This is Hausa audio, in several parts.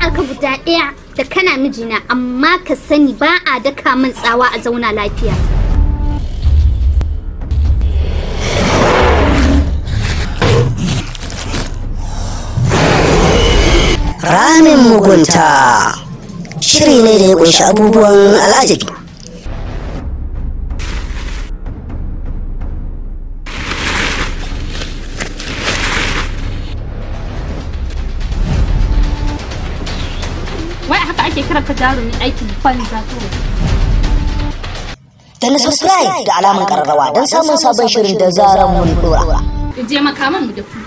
aka ka guda ɗaya da kana mijina amma ka sani ba a daka min tsawa a zauna lafiya. Ramin mugunta shiri ne da ya ƙunshi abubuwan al'ajabi haka jarumi aikin banza kawai da na subscribe da alamun kararrawa don samun sabon shirin da zaran mun dora je makaman mu da ku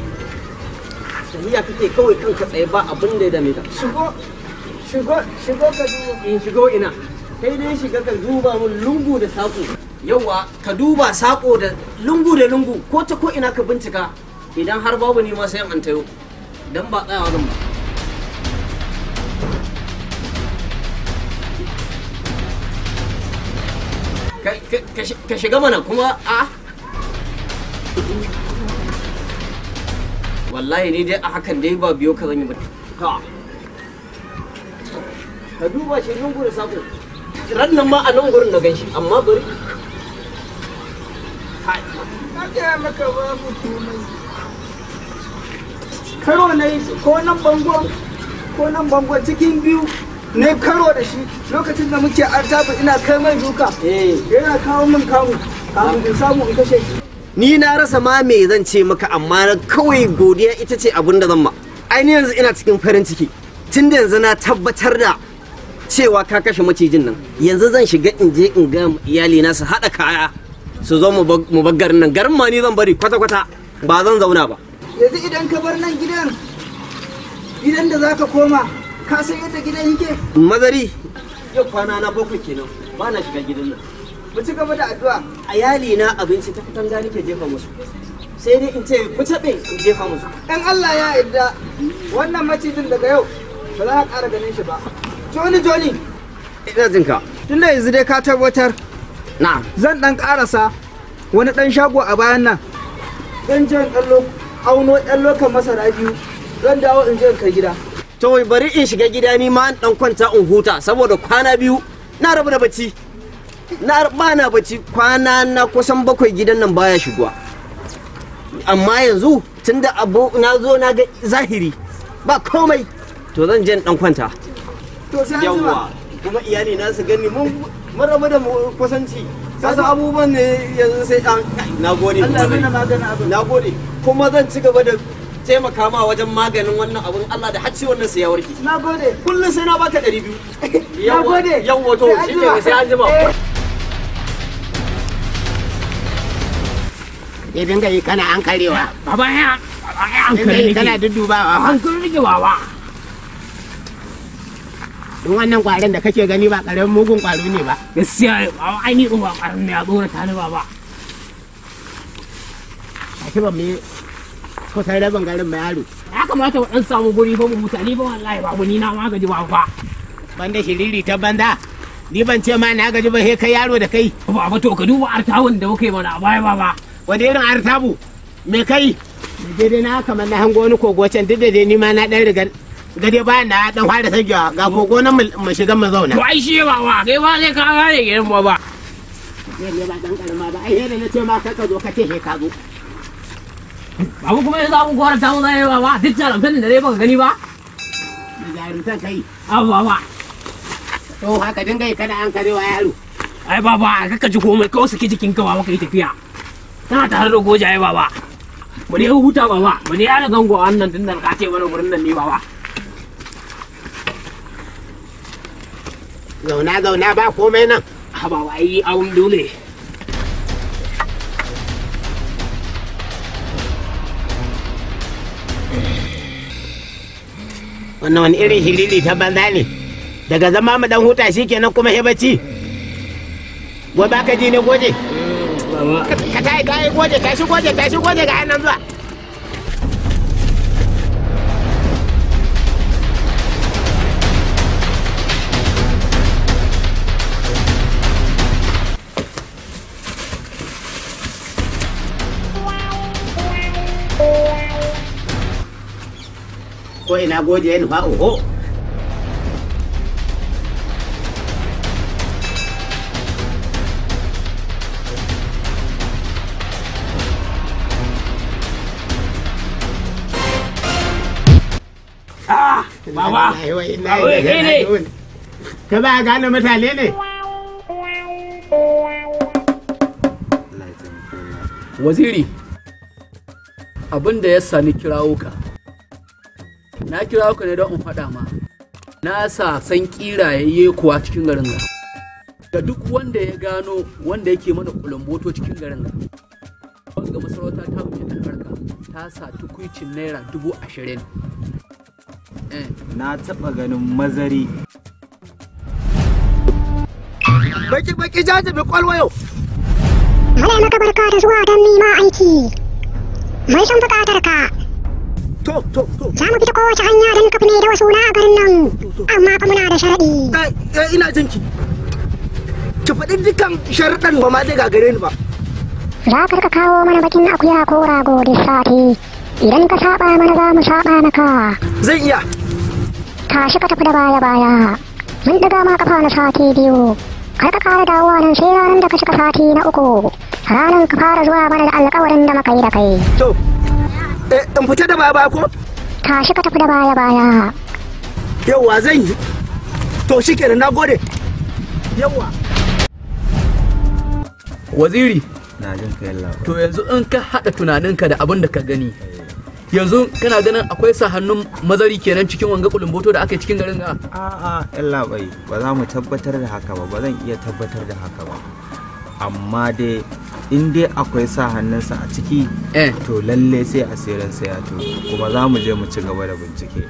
tafi tafiya kake kawai kanka tsaye ba abin da ya dame ka shigo shigo shigo ka duba in shigo ina kai dai shiga ka duba mun lungu da saƙo yauwa ka duba saƙo da lungu da lungu ko ta ko ina ka bincika idan har babu ni ma sai an tayo dan ba tsayawa zan ba ka shiga mana kuma a wallahi ni dai a hakan dai ba biyo ka zan yi mutu ka duba shi nan gurin sako ran nan ma a nan gurin na ganshi amma bari ka maka mu komai karo na yi ko nan bangon ko nan bangon cikin biyu ne karo da shi lokacin da muke artabu ina kai mai duka eh. yana kawo min kamu kamun in samu in kashe shi ni na rasa ma me zan ce maka amma kawai godiya ita ce abin da zan ma ai yanzu ina cikin farin ciki tun da yanzu na tabbatar da cewa ka kashe macijin nan yanzu zan shiga in je in ga iyali na su haɗa kaya su zo mu bar garin nan garin ma ni zan bari kwata kwata ba zan zauna ba yanzu idan ka bar nan gidan gidan da zaka koma ka san yadda gidan yake mazari yau kwana na bakwai kenan ba na shiga gidan nan mu ci gaba da addu'a ayali na abinci ta katanga nake jefa musu sai dai in ce ku taɓe in jefa musu dan Allah ya yarda wannan macijin daga yau ba za ka ƙara ganin shi ba joni joni ina jin ka tunda yanzu dai ka tabbatar na zan dan ƙarasa wani dan shago a bayan nan dan jan dan auno dan lokacin masara biyu zan dawo in je ka gida to bari in shiga gida ni ma dan kwanta in huta saboda kwana biyu na rabu da bacci na ba na bacci kwana na kusan bakwai gidan nan baya shigowa amma yanzu tunda abu na zo na ga zahiri ba komai to zan je dan kwanta to sai yawa kuma iyali na su gani mun mun rabu da kusanci kasu abubuwan ne yanzu sai an na gode na gode kuma zan ci gaba da taimaka ma wajen maganin wannan abun Allah da hacci wannan sai ya warke na gode kullum sai na baka 200 na gode yawa to shi ne sai an jima eh. ya dinga yi kana an karewa baba ya an kare kana duddubawa an kare nake baba don wannan kwarin da kake gani ba karamin mugun kwaro ne ba gaskiya ba ainihin ba ne a tsora ta ne baba a ci ban me kusan rabin garin mai yaro ya kamata wa dan samu guri ba mu mutane ba wallahi ba ni na ma gaji ba fa banda shiriri ta banda ni ban ce ma na gaji ba he kai yaro da kai ba ba to ka duba artawan da muka mana a baya ba ba wani irin artabu me kai daidai na kamar na hango wani kogo can duk da dai ni ma na dan rigar gade bayan na dan fara sagewa ga kogo nan mu shiga mu zauna ai shi ba wa kai ba sai ka ne gidan ba ba ne ba dan karma ba ai ne na ce ma ka zo ka ce he ka zo Babu kuma yanzu abu gwara ta wuna yawa ba duk jarumtan da dai baka gani ba jarumtan kai abu ba ba to haka dinga kana an karewa yaro ai baba kaka ji komai kawai suke jikin kawa kai yi tafiya tana tare da gojaye baba mu ne huta baba mu ne yana zango wannan tun da ka ce wani wurin nan ne baba zauna zauna ba komai nan ha ah, ba wai awun dole wannan wani irin hilili ta banza ne daga zama mu dan huta kenan kuma he bacci gobe ka ji ne goje quá ka tayi tayi goje tashi goje tashi goje ga nan nào ko ina nó ya nufa oho mutane ne waziri abin da ya sami kirawuka. na kira ne don in faɗa ma na sa san yayye kuwa cikin garin ga da duk wanda ya gano wanda yake mana kulumboto cikin garin ga wanga masarauta ta wuce harka ta sa tukuicin naira dubu ashirin na taɓa ganin mazari baki baki jajibi kwalwayo muna maka barka da zuwa don nima aiki mai son bukatar ka to to to za mu bi ta kowace hanya don kafin da wasu na a garin nan amma fa muna da sharadi eh ina jin ki faɗi dukan sharuɗan ba ma zai gagare ni ba za ka rika kawo mana bakin akuya ko rago da sati idan ka saba mana za mu saba maka zan iya tashi ka tafi da baya baya mun daga ma kafa na sati biyu kar ka kara dawowa nan sai ranar da ka shiga sati na uku ranar ka fara zuwa mana da alƙawarin da muka yi da kai to eh in fita da baya ko tashi ka tafi da baya baya yawa zan yi to shikenan gode yawa waziri to yanzu in ka haɗa tunaninka da abin da ka gani yanzu kana ganin akwai sa hannun mazari kenan cikin wanga kulumboto da aka yi cikin garin ga a'a illa bai ba za mu tabbatar da haka ba ba zan iya tabbatar da haka ba amma dai in dai akwai sa hannunsa a ciki eh. to lalle sai asirin sai ya to kuma za mu je mu ci gaba da bincike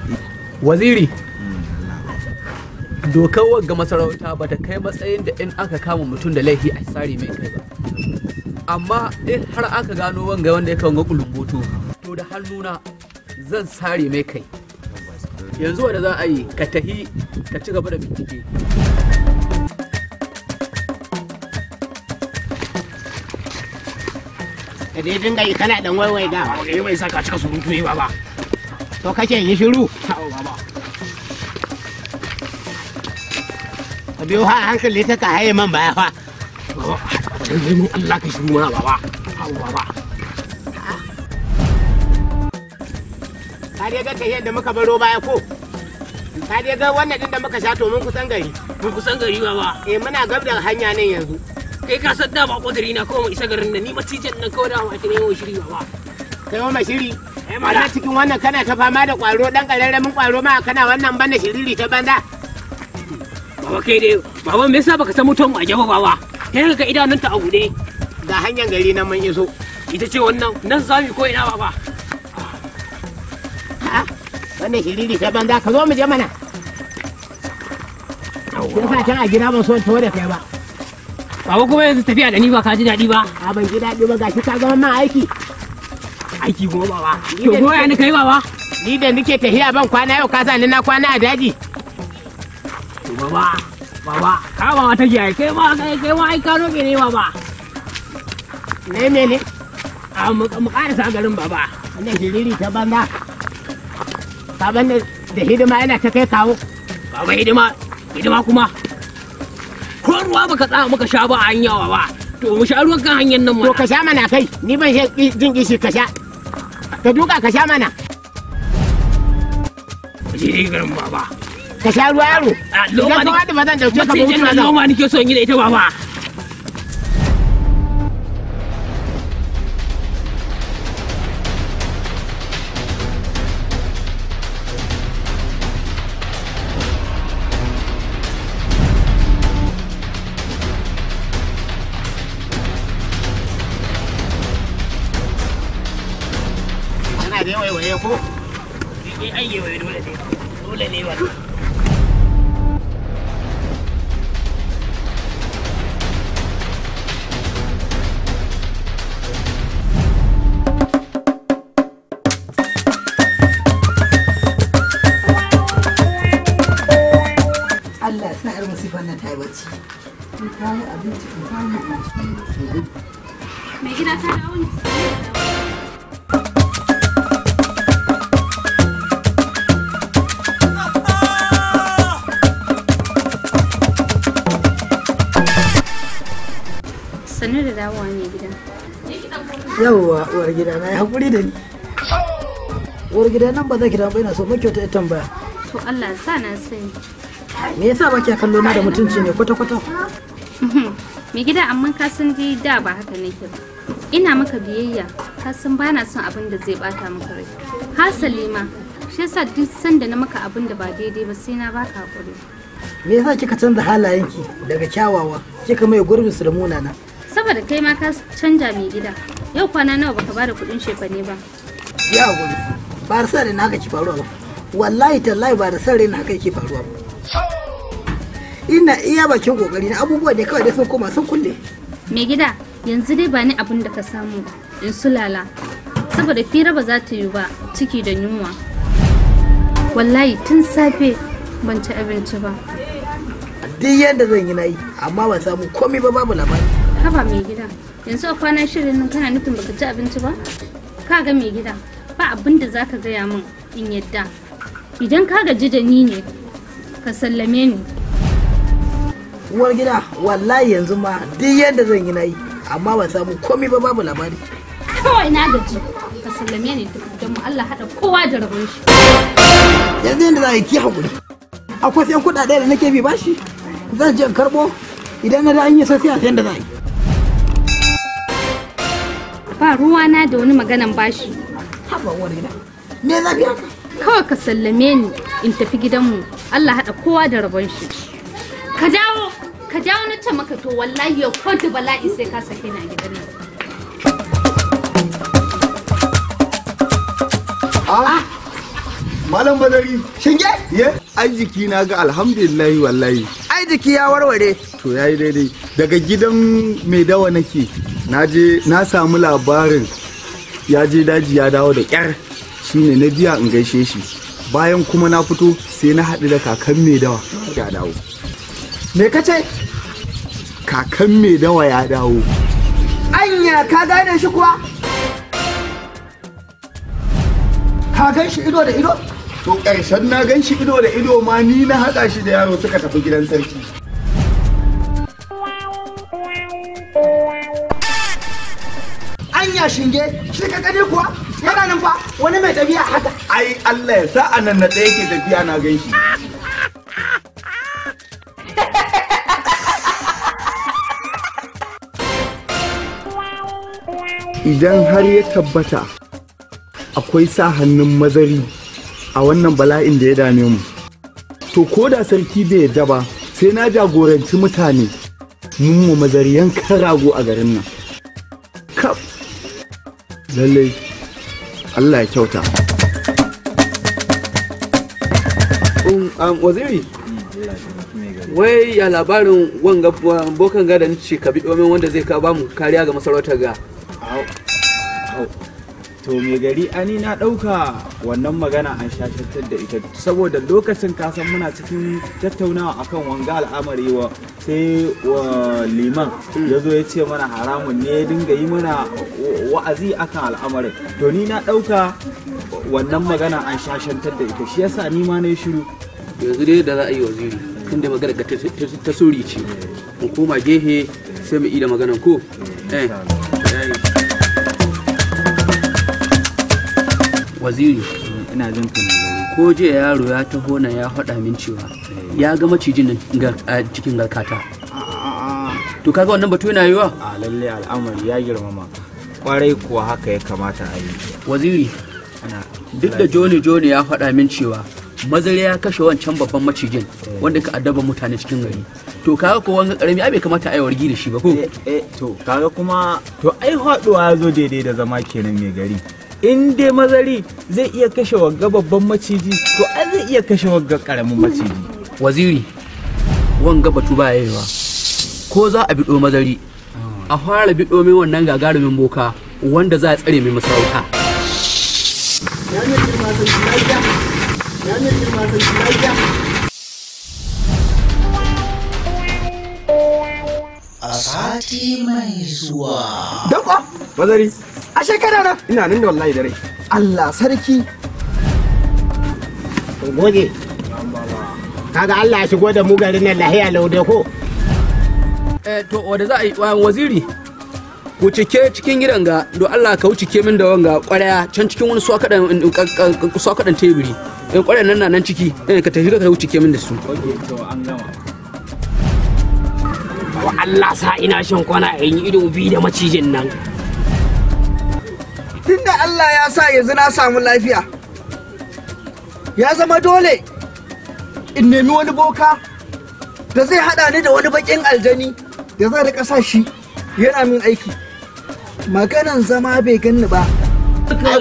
waziri mm, dokar wagga masarauta ba ta kai matsayin da in aka kama mutum da laifi a tsari mai kai ba amma in har aka gano wanga wanda ya kawo kulumboto da hannuna zan sare mai kai yanzu wanda za a yi ka tahi ka ci gaba da bincike ka dai dinga yi kana dan waiwai da eh, ba yi mai saka cika surutu yi ba to kake yi shiru ka biyo ha hankali ta ka haye man baya fa Allah ka shiru ma baba baba ka dai ga tahiyar yadda muka baro baya ko ka dai ga wannan din da muka sha to mun kusan gari mun kusan gari baba eh muna gab da hanya nan yanzu kai ka san ba kudiri na ko mu isa garin nan ni macijin nan kawai dama ake neman shiri baba kai ma shiri eh ma cikin wannan kana ta fama da kwaro dan mun kwaro ma kana wannan banda shiriri ta banda baba kai dai baba me yasa baka san mutum a jaba baba kai ka idanunta a gude ga hanyar gari nan mun iso ita ce wannan nan zamu ko ina baba wannan shiriri ta banza ka zo mu je mana kin sa can a gida ban so tawo da kai ba baba kuma yanzu tafiya da ni ba ka ji daɗi ba a ban ji daɗi ba gashi ka zama ma aiki aiki goma baba to goya ni kai baba ni da nike tafiya ban kwana yau ka sa ni na kwana a daji baba baba ka ba ta jiya kai ma kai ma ai ka roƙe ne baba ne mene a mu ƙarasa garin baba wannan shiriri ta banza saban da hidima yana ta kai kawo kawo hidima hidima kuma ko ruwa baka tsaya muka sha ba a hanyawa ba to mu sha ruwan kan hanyar nan mu to ka sha mana kai ni ban jin kishi ka sha ka duka ka sha mana jiri garin baba ka sha ruwa yaro idan ka wata ba zan dauke ka ba mutu ba zan noma nake so in yi da ita baba dawowa ne gida yawwa uwar gida na ya haƙuri da ni uwar gida nan ba za ki dawo ina so maki wata tambaya to Allah sa na sani me yasa ba kya kallo na da mutunci ne kwata kwata me mhm. gida amma ka san dai da ba haka nake ba ina maka biyayya ka san bana son abin da zai bata maka rai Ha Salima, shi yasa duk sanda na maka abin da ba daidai ba sai na baka hakuri me yasa kika canza halayenki daga kyawawa kika mai gurbin su da munana saboda kai ma ka canja mai gida yau kwana nawa baka bada kuɗin shefane ba ya gudu ba da sare na faruwa ba wallahi tallahi ba da sare na haka ke faruwa ba ina iya bakin kokari na abubuwa da kawai da sun koma sun kulle mai gida yanzu dai ba ni abin da ka samu in sulala saboda fira ba za ta yi ba ciki da yunwa wallahi tun safe ban ci abinci ba duk yadda zan yi na yi amma ban samu komai ba babu labari haba mai gida yanzu a kwana shirin nan kana nufin baka ci abinci ba ka ga mai gida ba abin da zaka gaya min in yadda idan ka gaji da ni ne ka sallame ni uwar gida wallahi yanzu ma duk yadda zan yi na yi amma ba samu komai ba babu labari kawai na gaji ka sallame ni da mu Allah hada kowa da rabon shi yanzu yadda za a yi ki hakuri akwai sai kuɗaɗe da nake bi bashi zan je karɓo idan na da an yi sosai a sayan da za a yi ba ruwana da wani maganan bashi haba me kawai ka sallame ni in tafi gidanmu Allah haɗa kowa da rabon shi ka dawo ka dawo na ce maka to wallahi ya ko bala'i sai ka sake na gidan nan ah malam badari shinge ye arziki na ga alhamdulillahi wallahi ai jiki ya warware to ya yi daidai daga gidan mai dawa nake na samu labarin ya je daji ya dawo da kyar shine na biya in gaishe shi bayan kuma na fito sai na haɗu da kakan mai dawa ya dawo me ka ce kakan mai dawa ya dawo anya ka gane shi kuwa ka gan shi ido da ido to ƙarshen na gan shi ido da ido ma ni na haɗa shi da yaro suka tafi gidan sarki anya shinge shi ka gani kuwa yana nan fa wani mai tafiya haka ai Allah ya sa a nan na ɗaya ke tafiya na gan shi idan har ya tabbata akwai sa hannun mazari a wannan bala'in da ya dame mu to ko da sarki bai yadda ba sai na jagoranci mutane mun mu mazariyan karago a garin nan kaf lallai allah ya kyauta um, um, waziri wai ya labarin wanga bokan gada ce ka bi domin wanda zai ka ba mu kariya ga masarautar ga to mai gari ani na ɗauka wannan magana an shashantar da ita saboda lokacin kasan muna cikin tattaunawa akan wanga al'amari wa sai wa liman ya zo ya ce mana haramun ne ya dinga yi mana wa'azi akan al'amarin to ni na ɗauka wannan magana an shashantar da ita shi yasa ni ma na yi shiru yanzu dai da za a yi waziri tun da magana ta sori ce mu koma gehe sai mu ida maganan ko eh waziri ina jin ko jiya yaro ya taho na ya faɗa min cewa ya ga macijin nan a cikin garkata to kaga wannan batu yana yiwa a lalle al'amari ya girmama kwarai kuwa haka ya kamata a yi waziri duk da joni joni ya faɗa min cewa mazari ya kashe wancan babban macijin eh. wanda ka adaba mutane cikin gari to kaga ko wani karami ai bai kamata a yi wargi da shi ba ko eh, eh, to kaga kuma to ai haɗuwa ya zo daidai da zama kenan mai gari in dai mazari zai iya kashe wagga babban maciji to an zai iya kashe wagga karamin maciji waziri wanga batu ba yayewa ko za a biɗo mazari a fara biɗo min wannan gagarumin boka wanda za a tsare mai masarauta ya ne girma zai sati mai zuwa. Dabba, Bazari. a shekara na ina nan da wallahi da Allah sarki. Gode. Kaga Allah ya shigo da mu garin nan lahiya laude ko? Eh to wanda za a yi waziri. Ku cike cikin gidan ga do Allah ka wuce min da wanga kwaraya can cikin wani swakadan teburi. Eh kwaran nan na nan ciki, eh, ka tafi ka wuce min da su. Okay to an gama. wa Allah sa ina shan kwana a yi ido bi da macijin nan tunda Allah ya sa yanzu na samu lafiya ya zama dole in nemi wani boka da zai hada ni da wani bakin aljani da zai rika sa shi yana min aiki maganan zama bai ganni ba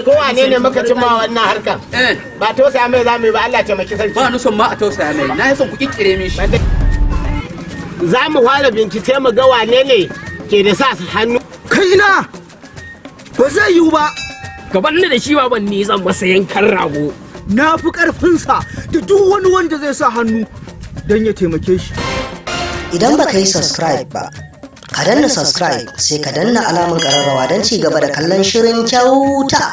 kowa ne ne muka cimma wannan harkar eh. ba tausaya mai za mu yi ba Allah taimaki sarki ba ni son ma a tausaya mai na yi son ku kikkire shi. za mu fara bincike mu ga wane ne ke da sa su hannu Kaina, ba zai yiwu ba gaban da shi ba ban ni zan masa yankan rago na fi karfinsa da duk wani wanda zai sa hannu don ya taimake shi idan ba ka yi subscribe ba ka danna subscribe sai ka danna alamun ƙararrawa don ci gaba da kallon shirin kyauta.